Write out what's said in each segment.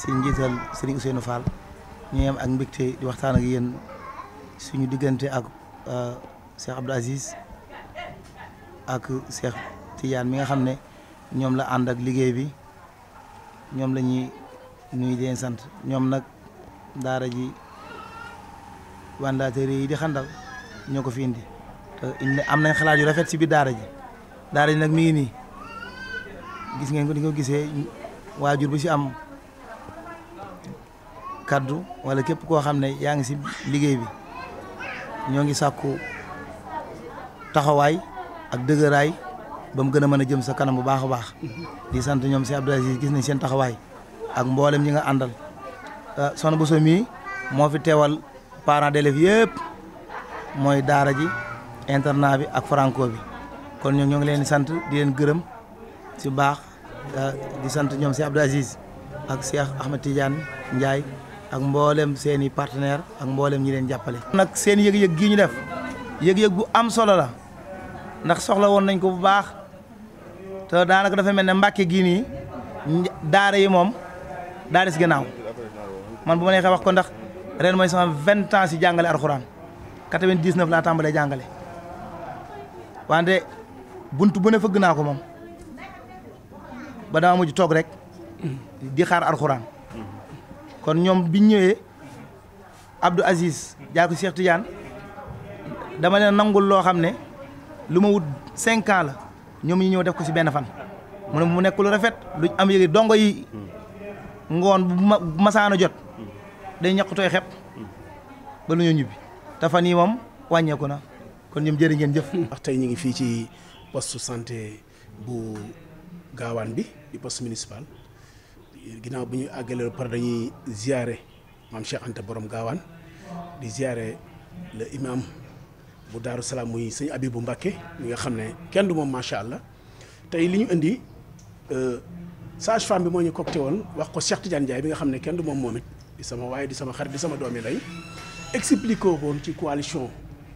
si njiital Serigne Ousseynou Fall ñu yem ak mbégte di waxtaan ak yéen suñu diggante ak euh, Cheikh Abdou Aziz ak Cheikh Tidiane mi nga xam ne ñoom la ànd ak liggéey bi ñoom lañuy ñuy nuyu di sant ñoom nag daara ji wandaatër yi di xandal ñoo ko fi indi am nañ xalaat yu rafet si biir daara ji daara ji nag mi ngi gis ngeen ko ko gisee waajur bu si am kaddu wala képp koo xam ne yaa ngi si liggéey bi ñoo ngi sàkku taxawaay ak dëgëraay ba mu gën a mën a jëm sa kanam bu baax a baax di sant ñoom si Abdou Aziz gis nañ seen taxawaay ak mboolem ñi nga àndal euh, soxna Bousso mii moo fi teewal parents d'élèves mooy daara ji internat bi ak franco bi kon ñoo ngi leen di sant di leen gërëm si baax euh, di sant ñoom si Abdou Aziz ak Cheikh Ahmed Tidiane ak mboolem seeni i partenaire ak mboolem ñi leen jàppale. nag seen yëg-yëg gii ñu def yëg-yëg bu am solo la ndax soxla woon nañ ko bu baax te daanaka dafa mel ne mbake gii nii daara yi moom daa si gannaaw man bu ma neexee wax ko ndax ren mooy sama vingt ans si jàngale alxuraan quatre-vingt-dix-neuf laa tàmbalee jàngale wante bunt bu ne fëgg naa ko moom ba dama mujj toog rek di xaar alxuraan. kon ñoom biñ ñëwee Abdou Aziz jaaku Cheikh Tidiane dama leen nangul loo xam ne lu ma wut cinq la ñoom ñu ñëw def ko ci benn fan mu ne mu nekk lu rafet luñ am dongo yi ngoon bu masaana jot day ñaqutooy xep ba lu ñoo ñibbi te yi moom wàññeeku na kon ñoom jërë ngeen jëf ndax tey ñu ngi fii ci poste santé bu gaawaan bi di poste municipal ginnaaw bi ñuy àggalee par dañuy ziare maam Cheikh boroom borom gaawaan di ziare le imam bu daaru salaam muy sëñ bu Mbacké mi nga xam ne kenn du moom macha allah tey li ñu indi euh, sage femme bi moo ñu cocté woon wax ko Cheikh Tidiane Ndiaye bi nga xam ne kenn du moom moom it di sama waaye di sama xarit di sama doomi lay expliqué woon ci coalition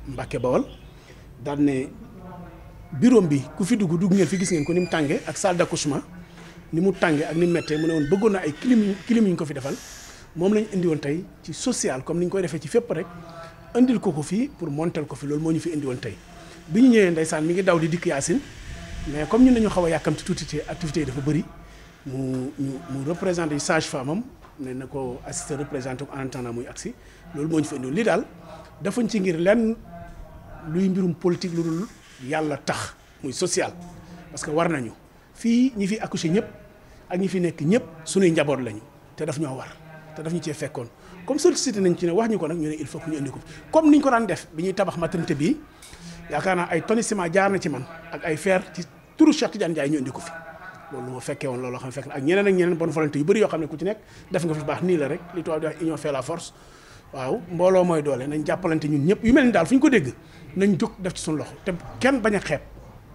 Mbacké Bawol daan ne bureau bi ku fi dugg dugg ngeen fi gis ngeen ko ni mu tàngee ak salle ni mu tàngee ak ni mu mu ne woon bëggoon na ay clim clim yu ñu ko fi defal moom lañu indi woon tey ci social comme ni ñu koy defee ci fépp rek indil ko ko fii pour montel ko fi loolu moo ñu fi indi woon tey bi ñu ñëwee ndeysaan mi ngi daw di dikk mais comme ñun dañu xaw a yàkkam ci tuuti ci dafa bëri mu mu mu représenté sage femme am ne na ko assisté représenté ko en attendant muy agsi loolu moo ñu fi defuñ ci ngir lenn luy mbirum politique lu dul yàlla tax muy social parce que war nañu fii ñi fi accouché ñëpp. ak ñi fi nekk ñëpp suñuy njaboot lañu te daf ñoo war te daf ñu cee fekkoon comme sollicité nañ ci ne wax ñu ko nag ñu ne il faut que ñu indi ko comme niñ ko daan def bi ñuy tabax maternité bii yaakaar naa ay tonni ciment jaar na ci man ak ay fer ci turu Cheikh Tidiane Ndiaye ñu indi ko fi loolu ma fekkee woon looloo xam fekk na ak ñeneen ak ñeneen bonne volonté yu bëri yoo xam ne ku ci nekk def nga fi baax nii la rek li tubaab di wax union fait la force waaw mbooloo mooy doole nañ jàppalante ñun ñëpp yu mel ni daal fu ñu ko dégg nañ jóg def ci suñu loxo te kenn bañ a xeeb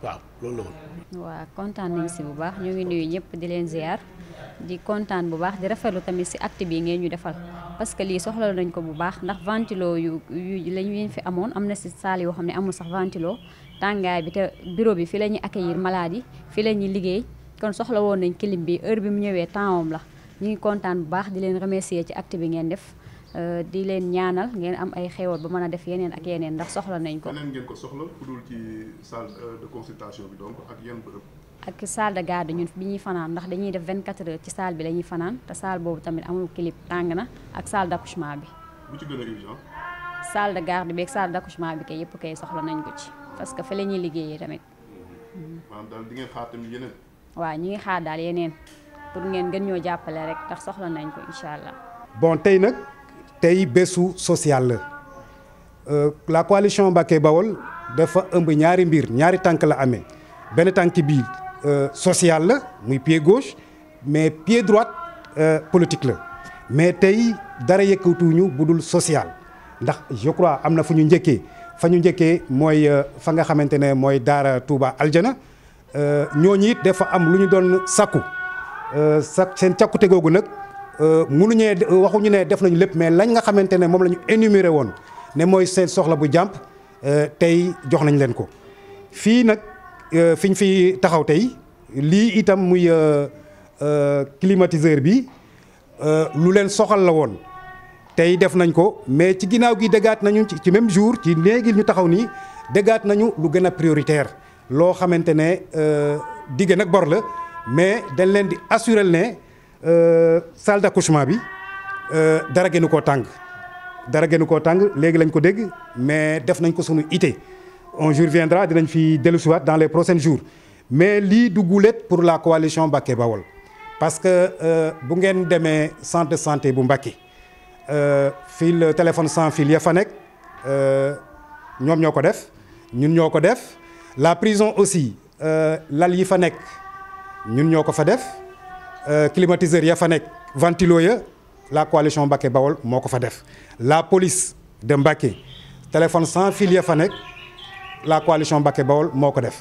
waaw loolu la woon waa kontaan nañ si bu baax ñu ngi nuyu ñëpp di leen ziar di kontaan bu baax di rafetlu tamit si acte yi ngeen ñu defal parce que lii soxla nañ ko bu baax ndax ventilo yu yu la ñu fi amoon am na si saal yoo xam ne amul sax ventilo tàngaay bi te bureau bi fi la ñuy accueillir malade yi fi la ñuy liggéey kon soxla woon nañ clim bi heure bi mu ñëwee temps am la ñu ngi kontaan bu baax di leen remercier ci acte bi ngeen def Euh, di leen ñaanal ngeen am ay xéewal ba mën a def yeneen ak yeneen ndax soxla nañ ko. ngeen ko soxla ku dul ci euh, bi ñuy fanaan ndax dañuy def 24 heures ci salle bi la ñuy fanaan boobu tamit amul clip tàng na ak salle d' bi. bu ci bi ak salle d' bi kay yëpp soxla nañ ko ci parce que fa la ñuy liggéeyee tamit. Mm-hmm. ñu ngi xaar daal yeneen pour ngeen gën ñoo jàppale rek ndax soxla nañ ko incha allah. bon tey nag. tey bésu social la euh, la coalition Mbacké Bawol dafa ëmb ñaari mbir ñaari tànk la amee benn tànk bi euh, social la muy pied gauche mais pied droite euh, politique la mais tey dara yëkkatuñu bu dul social ndax je crois am na fu ñu njëkkee fa ñu njëkkee mooy fa nga xamante ne mooy Daara Touba Aljana ñooñu it dafa am lu ñu doon sakku sa seen càkkute googu nag. Euh, munuñee waxuñu ne def nañu lépp mais lañ nga xamante ne moom la ñu énuméré woon ne mooy seen soxla bu jàmp euh, tey jox nañ leen ko fii nag euh, fiñ fi taxaw tey lii itam muy climatiseur bi lu leen soxal la woon tey def nañ ko mais ci ginnaaw gi déggaat nañu ci même jour ci léegi ñu taxaw nii déggaat nañu lu gën a prioritaire loo xamante ne digge nag bor la mais dañ leen di assurel ne Euh, salle d'accouchement bi euh, dara gënu koo tàng dara gënu koo tàng léegi lañ ko dégg mais def nañ ko sunu ité un jour viendra dinañ fi dellusiwaat dans les prochains jours mais lii du gulet pour la coalition Mbacké Bawol parce que euh, bu ngeen demee centre de santé bu Mbacké fil téléphone sans fil ya fa nekk ñoom ñoo ko def ñun ñoo ko def la prison aussi lal yi fa nekk ñun ñoo ko fa def Euh, climatiseur ya fa nekk ventilo ya la coalition Mbacké Bawol moo ko fa def la police de Mbacké téléphone sans fil ya fa nekk la coalition Mbacké Bawol moo ko def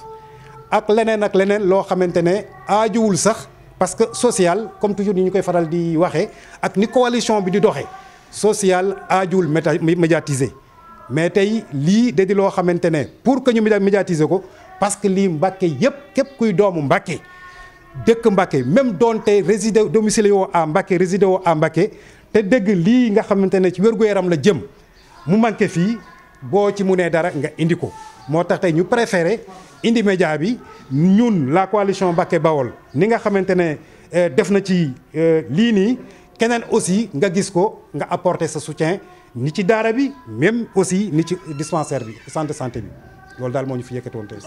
ak leneen ak leneen loo xamante ne aajuwul sax parce que social comme toujours yi ñu koy faral di waxee ak ni coalition bi di doxee social aajuwul médiatiser mais tey lii da loo xamante ne pour que ñu médiatiser ko parce que lii Mbacké yëpp képp kuy doomu Mbacké dëkk Mbacké même doonte résidé domicile woo à Mbacké résidé woo à te dégg lii nga xamante ne ci wér-gu-yaram la jëm mu manqué fii boo ci mu nee dara nga indi ko moo tax tey ñu préféré indi média bi ñun la coalition Mbacké Bawol ni nga xamante ne euh, def na ci euh, lii nii keneen aussi nga gis ko nga apporter sa soutien ni ci daara bi même aussi ni ci dispensaire bi centre de santé bi loolu daal moo ñu fi yëkkati woon tey